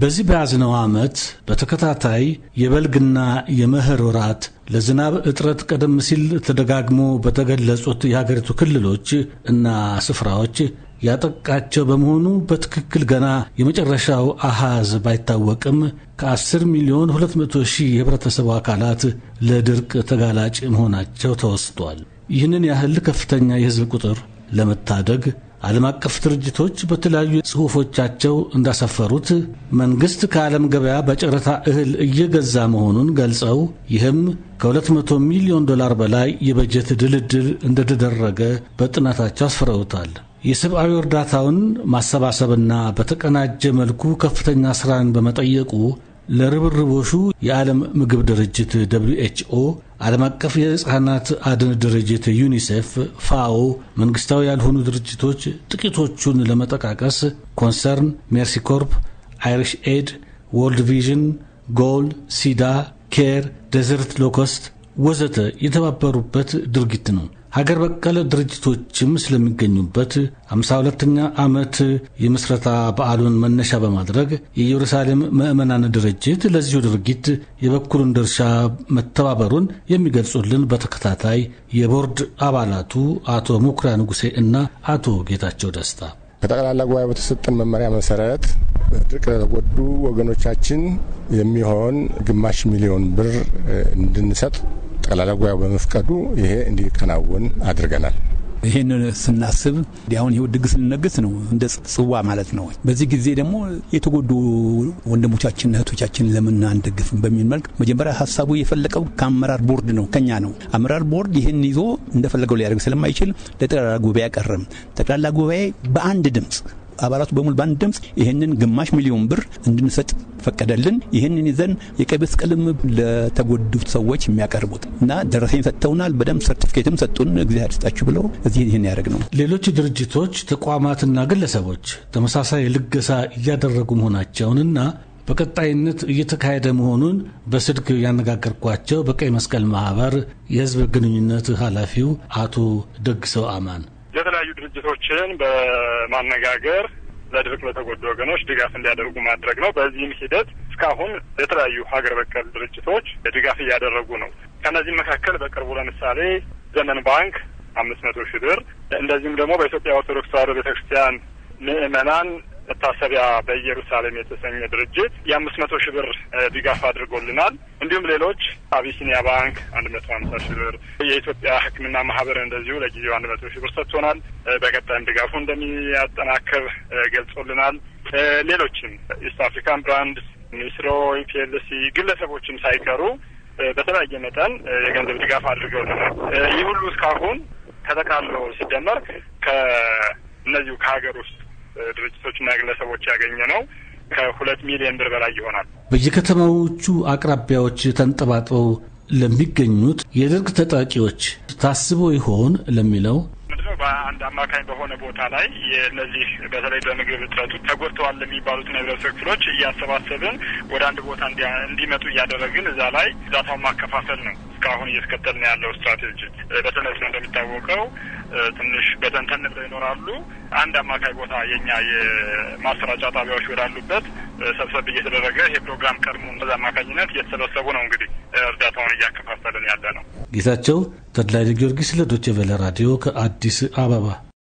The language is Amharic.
በዚህ በያዝነው ዓመት በተከታታይ የበልግና የመኸር ወራት ለዝናብ እጥረት ቀደም ሲል ተደጋግሞ በተገለጹት የሀገሪቱ ክልሎች እና ስፍራዎች ያጠቃቸው በመሆኑ በትክክል ገና የመጨረሻው አሃዝ ባይታወቅም ከ10 ሚሊዮን 200 ሺህ የህብረተሰቡ አካላት ለድርቅ ተጋላጭ መሆናቸው ተወስቷል። ይህንን ያህል ከፍተኛ የህዝብ ቁጥር ለመታደግ ዓለም አቀፍ ድርጅቶች በተለያዩ ጽሑፎቻቸው እንዳሰፈሩት መንግሥት ከዓለም ገበያ በጨረታ እህል እየገዛ መሆኑን ገልጸው ይህም ከ200 ሚሊዮን ዶላር በላይ የበጀት ድልድል እንደተደረገ በጥናታቸው አስፍረውታል። የሰብአዊ እርዳታውን ማሰባሰብና በተቀናጀ መልኩ ከፍተኛ ሥራን በመጠየቁ ለርብርቦሹ የዓለም ምግብ ድርጅት ደብሊው ኤች ኦ ዓለም አቀፍ የህፃናት አድን ድርጅት ዩኒሴፍ፣ ፋኦ፣ መንግስታዊ ያልሆኑ ድርጅቶች ጥቂቶቹን ለመጠቃቀስ ኮንሰርን፣ ሜርሲ ኮርፕ፣ አይሪሽ ኤድ፣ ወርልድ ቪዥን፣ ጎል፣ ሲዳ፣ ኬር፣ ዴዘርት ሎኮስት ወዘተ የተባበሩበት ድርጊት ነው። ሀገር በቀል ድርጅቶችም ስለሚገኙበት 52ኛ ዓመት የምስረታ በዓሉን መነሻ በማድረግ የኢየሩሳሌም ምዕመናን ድርጅት ለዚሁ ድርጊት የበኩሉን ድርሻ መተባበሩን የሚገልጹልን በተከታታይ የቦርድ አባላቱ አቶ ሙኩሪያ ንጉሴ እና አቶ ጌታቸው ደስታ ከጠቅላላ ጉባኤ በተሰጠን መመሪያ መሰረት በድርቅ ለተጎዱ ወገኖቻችን የሚሆን ግማሽ ሚሊዮን ብር እንድንሰጥ ጠቅላላ ጉባኤው በመፍቀዱ ይሄ እንዲከናወን አድርገናል። ይህን ስናስብ አሁን ይህ ድግስ ልንነግስ ነው፣ እንደ ጽዋ ማለት ነው። በዚህ ጊዜ ደግሞ የተጎዱ ወንድሞቻችን እህቶቻችን ለምን አንደግፍም በሚል መልክ መጀመሪያ ሀሳቡ የፈለቀው ከአመራር ቦርድ ነው፣ ከኛ ነው። አመራር ቦርድ ይህን ይዞ እንደፈለገው ሊያደርግ ስለማይችል ለጠቅላላ ጉባኤ አቀረም። ጠቅላላ ጉባኤ በአንድ ድምፅ አባላቱ በሙሉ በአንድ ድምፅ ይህንን ግማሽ ሚሊዮን ብር እንድንሰጥ ፈቀደልን። ይህንን ይዘን የቀይ መስቀልም ለተጎዱት ሰዎች የሚያቀርቡት እና ደረሰኝ ሰጥተውናል። በደንብ ሰርቲፊኬትም ሰጡን። እግዚአብሔር ይስጣችሁ ብለው እዚህ ይህን ያደረግ ነው። ሌሎች ድርጅቶች ተቋማትና ግለሰቦች ተመሳሳይ ልገሳ እያደረጉ መሆናቸውንና በቀጣይነት እየተካሄደ መሆኑን በስልክ ያነጋገርኳቸው በቀይ መስቀል ማህበር የህዝብ ግንኙነት ኃላፊው አቶ ደግሰው አማን የተለያዩ ድርጅቶችን በማነጋገር ለድርቅ ለተጎዱ ወገኖች ድጋፍ እንዲያደርጉ ማድረግ ነው። በዚህም ሂደት እስካሁን የተለያዩ ሀገር በቀል ድርጅቶች ድጋፍ እያደረጉ ነው። ከእነዚህም መካከል በቅርቡ ለምሳሌ ዘመን ባንክ አምስት መቶ ሺህ ብር እንደዚሁም ደግሞ በኢትዮጵያ ኦርቶዶክስ ተዋሕዶ ቤተክርስቲያን ምእመናን። መታሰቢያ በኢየሩሳሌም የተሰኘ ድርጅት የአምስት መቶ ሺህ ብር ድጋፍ አድርጎልናል። እንዲሁም ሌሎች አቢሲኒያ ባንክ አንድ መቶ ሀምሳ ሺህ ብር፣ የኢትዮጵያ ሕክምና ማህበር እንደዚሁ ለጊዜው አንድ መቶ ሺህ ብር ሰጥቶናል። በቀጣይም ድጋፉ እንደሚያጠናክር ገልጾልናል። ሌሎችም ኢስት አፍሪካን ብራንድ ሚስሮ፣ ፒኤልሲ ግለሰቦችም ሳይቀሩ በተለያየ መጠን የገንዘብ ድጋፍ አድርገውልናል። ይህ ሁሉ እስካሁን ተጠቃሎ ሲደመር ከእነዚሁ ከሀገር ውስጥ ድርጅቶችና ግለሰቦች ያገኘ ነው ከሁለት ሚሊዮን ብር በላይ ይሆናል። በየከተማዎቹ አቅራቢያዎች ተንጠባጥበው ለሚገኙት የድርቅ ተጠቂዎች ታስቦ ይሆን ለሚለው ምንድነው በአንድ አማካኝ በሆነ ቦታ ላይ የእነዚህ በተለይ በምግብ እጥረቱ ተጎድተዋል ለሚባሉት የህብረተሰብ ክፍሎች እያሰባሰብን ወደ አንድ ቦታ እንዲመጡ እያደረግን እዛ ላይ እርዳታውን ማከፋፈል ነው እስካሁን እየተከተልን ያለው ስትራቴጂ። በተለይ እንደሚታወቀው ትንሽ በተንተን ብለው ይኖራሉ። አንድ አማካይ ቦታ የኛ የማሰራጫ ጣቢያዎች ወዳሉበት ሰብሰብ እየተደረገ ይሄ ፕሮግራም ቀድሞ በዛ አማካኝነት እየተሰበሰቡ ነው እንግዲህ እርዳታውን እያከፋፈልን ያለ ነው። ጌታቸው ተድላይ ጊዮርጊስ ለዶቼ ቬለ ራዲዮ ከአዲስ አበባ